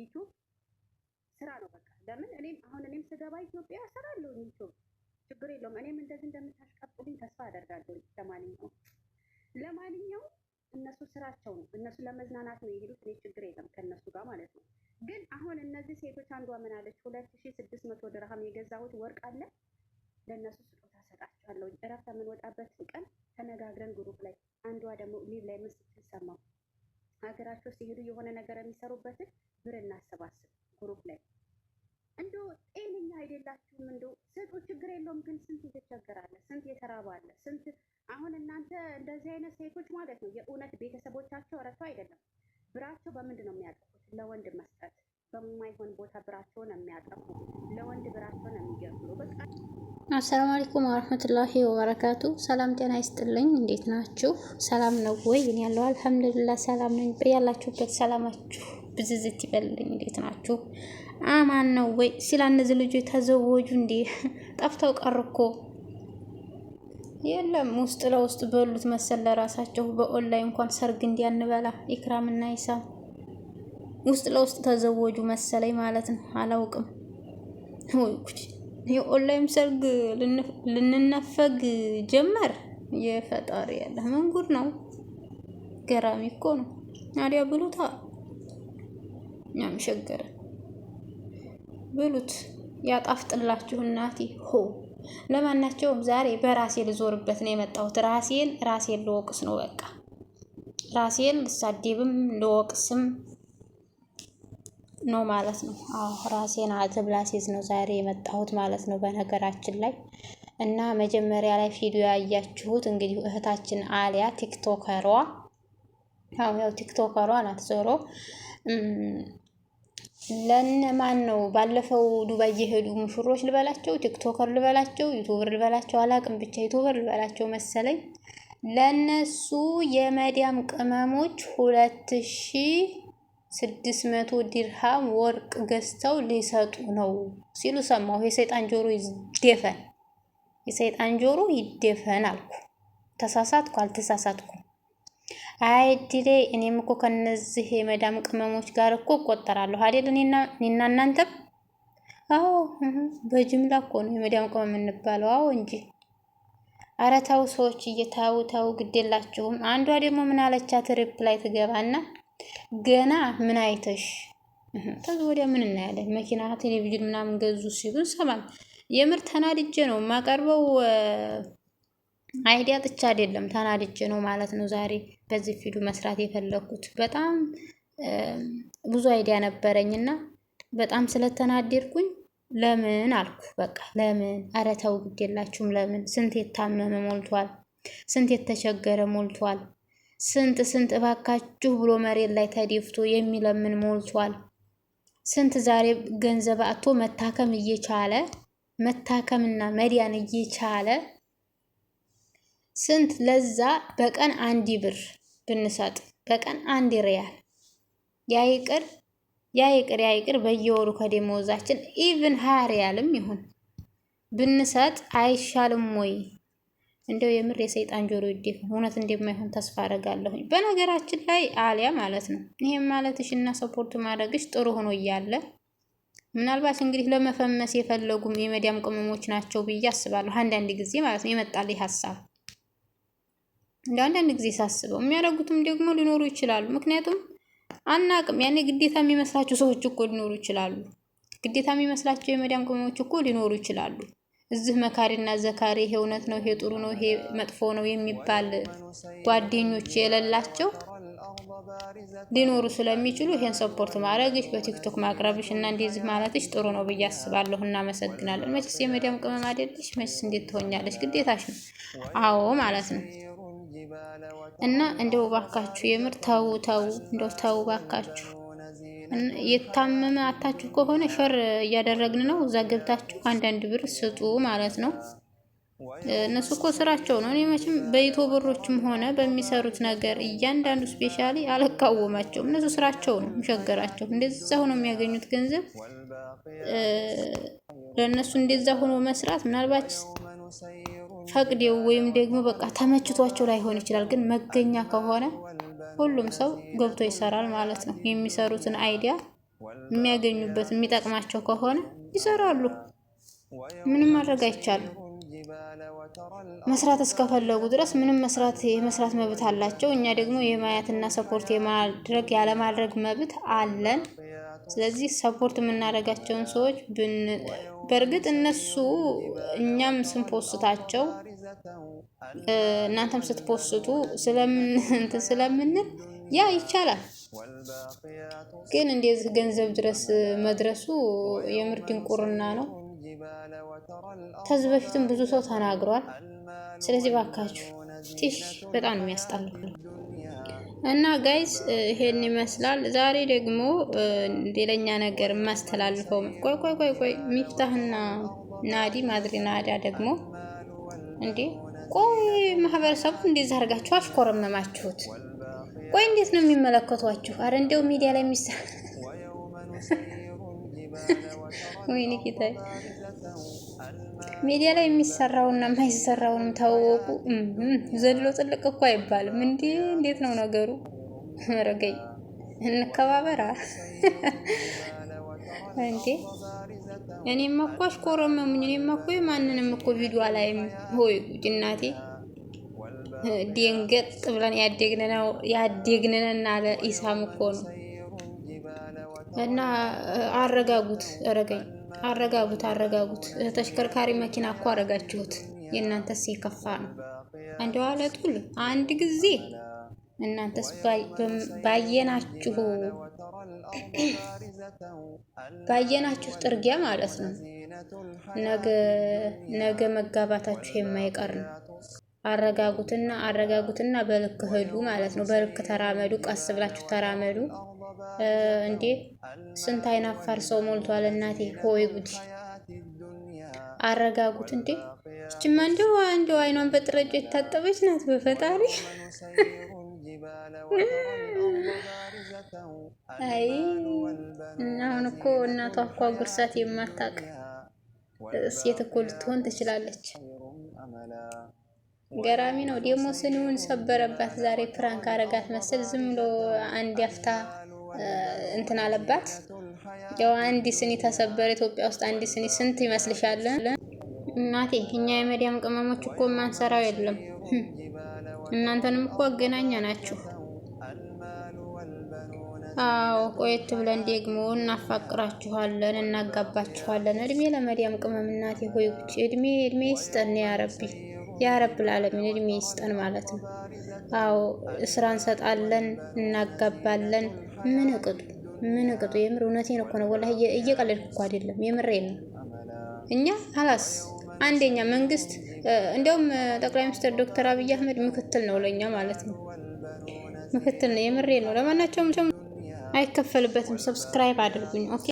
ዩቱብ ስራ ነው በቃ። ለምን እኔም አሁን እኔም ስገባ ኢትዮጵያ ስራ አለው ዩቱብ ችግር የለውም። እኔም እንደዚህ እንደምታሽቀጥሉኝ ተስፋ አደርጋለሁ። ለማንኛውም ለማንኛውም እነሱ ስራቸው ነው። እነሱ ለመዝናናት ነው የሄዱት። እኔ ችግር የለም ከእነሱ ጋር ማለት ነው። ግን አሁን እነዚህ ሴቶች አንዷ ምን አለች? ሁለት ሺ ስድስት መቶ ድርሃም የገዛሁት ወርቅ አለ ለእነሱ ስጦታ ሰጣቸዋለሁ። እረፍት የምንወጣበት ቀን ተነጋግረን ግሩፕ ላይ አንዷ ደግሞ ሊቭ ላይ ምስል ሰማሁ ሀገራቸው ሲሄዱ የሆነ ነገር የሚሰሩበትን ብር እናሰባስብ ግሩፕ ላይ እንዶ ጤነኛ አይደላችሁም። እንዶ ስጡ፣ ችግር የለውም ግን ስንት የተቸገራለ፣ ስንት የተራባለ፣ ስንት አሁን እናንተ እንደዚህ አይነት ሴቶች ማለት ነው የእውነት ቤተሰቦቻቸው ረተው አይደለም ብራቸው በምንድን ነው የሚያጠፉት? ለወንድ መስጠት በማይሆን ቦታ ነው የሚያጠፉ ለወንድ ነው የሚገፍሉ በቃ። አሰላሙ አለይኩም ወራህመቱላሂ ወበረካቱ። ሰላም ጤና ይስጥልኝ። እንዴት ናችሁ? ሰላም ነው ወይ? እኔ ያለው አልሐምዱሊላህ ሰላም ነኝ። ያላችሁበት ሰላማችሁ ብዝዝት ይበልልኝ። እንዴት ናችሁ? አማን ነው ወይ ሲላ እነዚህ ልጆች ተዘወጁ እንዴ? ጠፍተው ቀር እኮ የለም ውስጥ ለውስጥ በሉት መሰል ለራሳቸው በኦንላይን እንኳን ሰርግ እንዲያንበላ እና ይሳም ውስጥ ለውስጥ ተዘወጁ መሰለኝ ማለት ነው። አላውቅም ወይ ጉድ! የኦንላይን ሰርግ ልንነፈግ ጀመር። የፈጣሪ ያለ መንጉድ ነው። ገራሚ እኮ ነው። አዲያ ብሉታ እኛም ሸገረ ብሉት ያጣፍጥላችሁ እናቴ ሆ። ለማናቸውም ዛሬ በራሴ ልዞርበት ነው የመጣሁት። ራሴን ራሴን ልወቅስ ነው በቃ ራሴን ልሳደብም ልወቅስም ነው ማለት ነው። አዎ ራሴን አዘብ ላሴዝ ነው ዛሬ የመጣሁት ማለት ነው። በነገራችን ላይ እና መጀመሪያ ላይ ቪዲዮ ያያችሁት እንግዲህ እህታችን አሊያ ቲክቶከሯ ያው ያው ቲክቶከሯ ናት ዞሮ ለነማን ነው ባለፈው ዱባይ የሄዱ ሙሽሮች ልበላቸው፣ ቲክቶከር ልበላቸው፣ ዩቱበር ልበላቸው፣ አላቅም ብቻ ዩቱበር ልበላቸው መሰለኝ። ለነሱ የመዲያም ቅመሞች ሁለት ሺ ስድስት መቶ ዲርሃም ወርቅ ገዝተው ሊሰጡ ነው ሲሉ ሰማሁ። የሰይጣን ጆሮ ይደፈን፣ የሰይጣን ጆሮ ይደፈን አልኩ። ተሳሳትኩ አልተሳሳትኩ አይ እኔም እኮ ከነዚህ የመዳም ቅመሞች ጋር እኮ እቆጠራለሁ አይደል? እኔና እናንተም። አዎ በጅምላ እኮ ነው የመዳም ቅመም የምንባለው። አዎ እንጂ። አረታው ተው ሰዎች እየታው ተው፣ ግዴላችሁም። አንዷ ደግሞ ምን አለቻት? ላይ ትገባና ገና ምን አይተሽ ከዚህ ወዲያ ምን እናያለን? መኪና፣ ቴሌቪዥን ምናምን ገዙ ሲሉ ሰማን። የምር ተናድጄ ነው የማቀርበው። አይዲያ ጥቻ አይደለም ተናድጄ ነው ማለት ነው ዛሬ በዚህ ፊዱ መስራት የፈለኩት በጣም ብዙ አይዲያ ነበረኝና በጣም ስለተናደድኩኝ ለምን አልኩ። በቃ ለምን ኧረ ተው ግድ የላችሁም። ለምን ስንት የታመመ ሞልቷል፣ ስንት የተቸገረ ሞልቷል፣ ስንት ስንት እባካችሁ ብሎ መሬት ላይ ተደፍቶ የሚለምን ሞልቷል። ስንት ዛሬ ገንዘብ አቶ መታከም እየቻለ መታከምና መዲያን እየቻለ ስንት ለዛ በቀን አንድ ብር ብንሰጥ በቀን አንድ ሪያል ያ ይቅር ያ ይቅር ያ ይቅር በየወሩ ከደሞዛችን ኢቭን ሀያ ሪያልም ይሁን ብንሰጥ አይሻልም ወይ? እንደው የምር የሰይጣን ጆሮ ይደፍ። እውነት እንደማይሆን ተስፋ አደርጋለሁኝ። በነገራችን ላይ አሊያ ማለት ነው ይሄም ማለትሽ እና ሰፖርት ማድረግሽ ጥሩ ሆኖ እያለ ምናልባት እንግዲህ ለመፈመስ የፈለጉም የመዲያም ቅመሞች ናቸው ብዬ አስባለሁ። አንዳንድ ጊዜ ማለት ነው ይህ ሀሳብ እንደ አንዳንድ ጊዜ ሳስበው የሚያደርጉትም ደግሞ ሊኖሩ ይችላሉ። ምክንያቱም አናቅም። ያኔ ግዴታ የሚመስላቸው ሰዎች እኮ ሊኖሩ ይችላሉ። ግዴታ የሚመስላቸው የመዳም ቅመሞች እኮ ሊኖሩ ይችላሉ። እዚህ መካሪና ዘካሪ ይሄ እውነት ነው፣ ይሄ ጥሩ ነው፣ ይሄ መጥፎ ነው የሚባል ጓደኞች የሌላቸው ሊኖሩ ስለሚችሉ ይሄን ሰፖርት ማድረግሽ በቲክቶክ ማቅረብሽ እና እንደዚህ ማለትሽ ጥሩ ነው ብዬ አስባለሁ። እናመሰግናለን። መቼስ የመዳም ቅመም አይደለሽ፣ መቼስ እንዴት ትሆኛለሽ? ግዴታሽ ነው። አዎ ማለት ነው። እና እንደው ባካችሁ የምር ተው ተው፣ እንደው ተው ባካችሁ። የታመመ አታችሁ ከሆነ ሸር እያደረግን ነው። እዛ ገብታችሁ አንዳንድ ብር ስጡ ማለት ነው። እነሱ እኮ ስራቸው ነው። እኔ መቼም በይቶ ብሮችም ሆነ በሚሰሩት ነገር እያንዳንዱ ስፔሻሊ አልቃወማቸውም። እነሱ ስራቸው ነው የሚሸገራቸው። እንደዛ ሆኖ የሚያገኙት ገንዘብ ለእነሱ እንደዛ ሆኖ መስራት ምናልባት ፈቅደው ወይም ደግሞ በቃ ተመችቷቸው ላይሆን ይችላል። ግን መገኛ ከሆነ ሁሉም ሰው ገብቶ ይሰራል ማለት ነው። የሚሰሩትን አይዲያ የሚያገኙበት የሚጠቅማቸው ከሆነ ይሰራሉ። ምንም ማድረግ አይቻልም። መስራት እስከፈለጉ ድረስ ምንም መስራት የመስራት መብት አላቸው። እኛ ደግሞ የማየትና ሰፖርት የማድረግ ያለማድረግ መብት አለን። ስለዚህ ሰፖርት የምናደርጋቸውን ሰዎች በእርግጥ እነሱ እኛም ስንፖስታቸው እናንተም ስትፖስቱ ስለምንትን ስለምንል ያ ይቻላል። ግን እንደዚህ ገንዘብ ድረስ መድረሱ የምር ድንቁርና ነው። ከዚህ በፊትም ብዙ ሰው ተናግሯል። ስለዚህ ባካችሁ ጢሽ በጣም ነው የሚያስጣለው። እና ጋይስ ይሄን ይመስላል። ዛሬ ደግሞ ሌላኛ ነገር የማስተላልፈው ቆይ ቆይ ቆይ ቆይ ሚፍታህና ናዲ ማድሪ ናዳ ደግሞ እንዴ ቆይ ማህበረሰቡ እንደዚህ አድርጋችሁ አሽኮረመማችሁት። ቆይ እንዴት ነው የሚመለከቷችሁ? አረ እንደው ሚዲያ ላይ የሚሰራ ወይኔ ጌታዬ፣ ሚዲያ ላይ የሚሰራውና የማይሰራውንም ታወቁ። ዘሎ ጥልቅ እኮ አይባልም። እንዲ እንዴት ነው ነገሩ? ረገኝ እንከባበራ እንዴ! እኔማ እኮ አሽኮረመሙኝ። እኔማ እኮ ማንንም እኮ ቪዲዮ ላይም ሆይ ጉድ ደንገጥ ብለን ያደግነን ያደግነን አለ ኢሳም እኮ ነው እና አረጋጉት፣ ረገኝ አረጋጉት፣ አረጋጉት። ተሽከርካሪ መኪና እኮ አረጋችሁት። የእናንተስ የከፋ ነው። አንድ ዋለቱል አንድ ጊዜ እናንተስ ባየናችሁ ባየናችሁ ጥርጊያ ማለት ነው። ነገ ነገ መጋባታችሁ የማይቀር ነው። አረጋጉትና አረጋጉትና በልክ ሂዱ ማለት ነው። በልክ ተራመዱ፣ ቀስ ብላችሁ ተራመዱ። እንዴ ስንት አይናፋር ሰው ሞልቷል። እናቴ ሆይ ጉድ አረጋጉት እንዴ! እችማ እንደው እንደው አይኗን በጥረጮ የታጠበች ናት። በፈጣሪ አይ አሁን እኮ እናቷ እኳ ጉርሳት የማታቅ ሴት እኮ ልትሆን ትችላለች። ገራሚ ነው ደግሞ ስኒውን ሰበረባት። ዛሬ ፕራንክ አረጋት መሰል ዝም ብሎ አንድ ያፍታ እንትን አለባት። ያው አንድ ስኒ ተሰበረ ኢትዮጵያ ውስጥ አንድ ስኒ ስንት ይመስልሻል? እናቴ እኛ የመዲያም ቅመሞች እኮ ማንሰራው የለም። እናንተንም እኮ አገናኛ ናችሁ። አዎ ቆየት ብለን ደግሞ እናፋቅራችኋለን፣ እናጋባችኋለን። እድሜ ለመዲያም ቅመም እናቴ ሆይ እድሜ እድሜ ይስጠን ያረቢ። የአረብ ለዓለምን እድሜ ይስጠን ማለት ነው። አዎ ስራ እንሰጣለን፣ እናጋባለን። ምን እቅጡ ምን እቅጡ? የምር እውነቴን እኮ ነው። ወላሂ እየቀለድኩ እኮ አይደለም፣ የምሬን ነው። እኛ ሀላስ አንደኛ መንግስት እንዲያውም ጠቅላይ ሚኒስትር ዶክተር አብይ አህመድ ምክትል ነው ለእኛ ማለት ነው። ምክትል ነው፣ የምሬን ነው። ለማናቸውም አይከፈልበትም። ሰብስክራይብ አድርጉኝ ኦኬ።